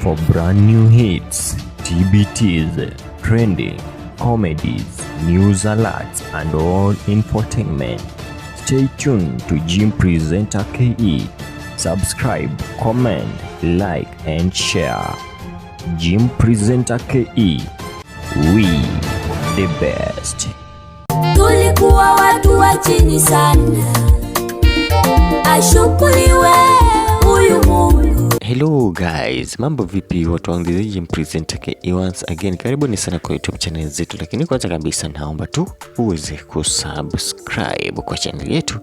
For brand new hits, TBTs, trending, comedies, news alerts, and all infotainment, stay tuned to Jim Presenter KE. Subscribe, comment, like, and share. Jim Presenter KE. We the best. Tulikuwa watu wa chini sana, ashukuriwe huyu Mungu. Hello guys, mambo vipi watu wangu, this is present again once again. Karibuni sana kwa YouTube channel zetu, lakini kwanza kabisa naomba tu uweze kusubscribe kwa channel yetu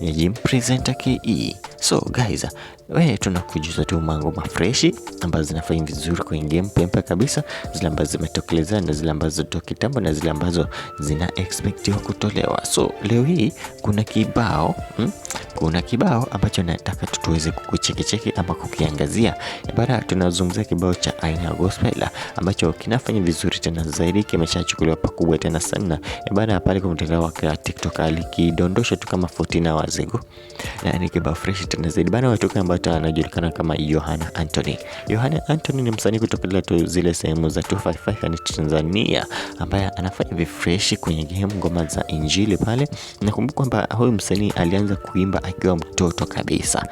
ya Jim Presenter KE. So guys, uh, we tunakujuza tu mango mafreshi ambazo zinafanya vizuri kwenye game pempa kabisa, zile ambazo zimetokelezea na zile ambazo toka kitambo na zile ambazo zina expectiwa kutolewa. So leo hii kuna kibao hmm? kuna kibao ambacho nataka tutuweze kukuchekicheki ama kukiangazia. Bara tunazungumzia kibao cha aina ya gospel ambacho kinafanya vizuri tena zaidi, kimeshachukuliwa pakubwa tena sana bara pale kwa mtandao wa TikTok, alikidondosha tu kama 14 hours ago, na ni yaani kibao fresh tena zaidi bana kama ambao anajulikana kama Johanna Anthony. Johanna Anthony ni msanii kutoka tu zile sehemu za 255 ni yaani Tanzania ambaye anafanya refresh kwenye game ngoma za injili pale. Nakumbuka kwamba huyu msanii alianza kuimba akiwa mtoto kabisa.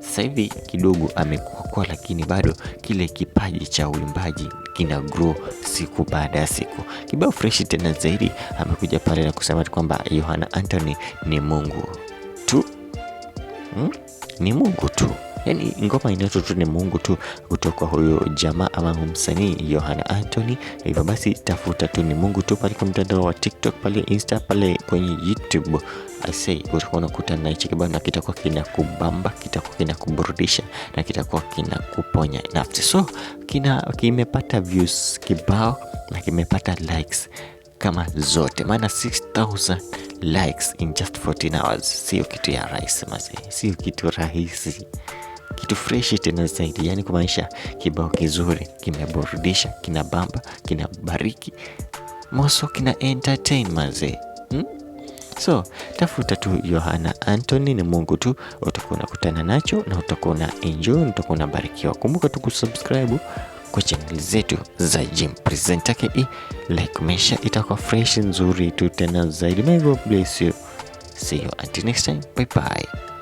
Sasa hivi kidogo amekuwa, lakini bado kile kipaji cha uimbaji kina grow siku baada ya siku. Kibao fresh tena zaidi amekuja pale na kusema kwamba Johanna Anthony ni Mungu tu hmm? ni Mungu tu, yani ngoma inaitwa tu ni Mungu tu kutoka huyo jamaa ama msanii Yohana Anthony. Hivyo basi tafuta tu ni Mungu tu pale kwa mtandao wa TikTok, pale Insta, pale kwenye YouTube say utakuwa unakuta na hicho kibao na kitakuwa kinakubamba, kitakuwa kinakuburudisha na kitakuwa kinakuponya nafsi. So kina kimepata views kibao na kimepata likes kama zote, maana 6000 likes in just 14 hours. Sio kitu ya rahisi masi, sio kitu rahisi, kitu freshi tena zaidi, yani kumaanisha kibao kizuri, kimeburudisha, kina bamba, kina bariki moso, kina entertain mazee hmm? So tafuta tu Yohana Anthony, ni Mungu tu utakuwa unakutana nacho na utakuwa na enjoy, utakuwa unabarikiwa. Kumbuka tu kusubscribe kwa channel zetu za Jim presenter ke like mesha itakuwa fresh nzuri tu tena zaidi. May God bless you. See you until next time. Bye bye.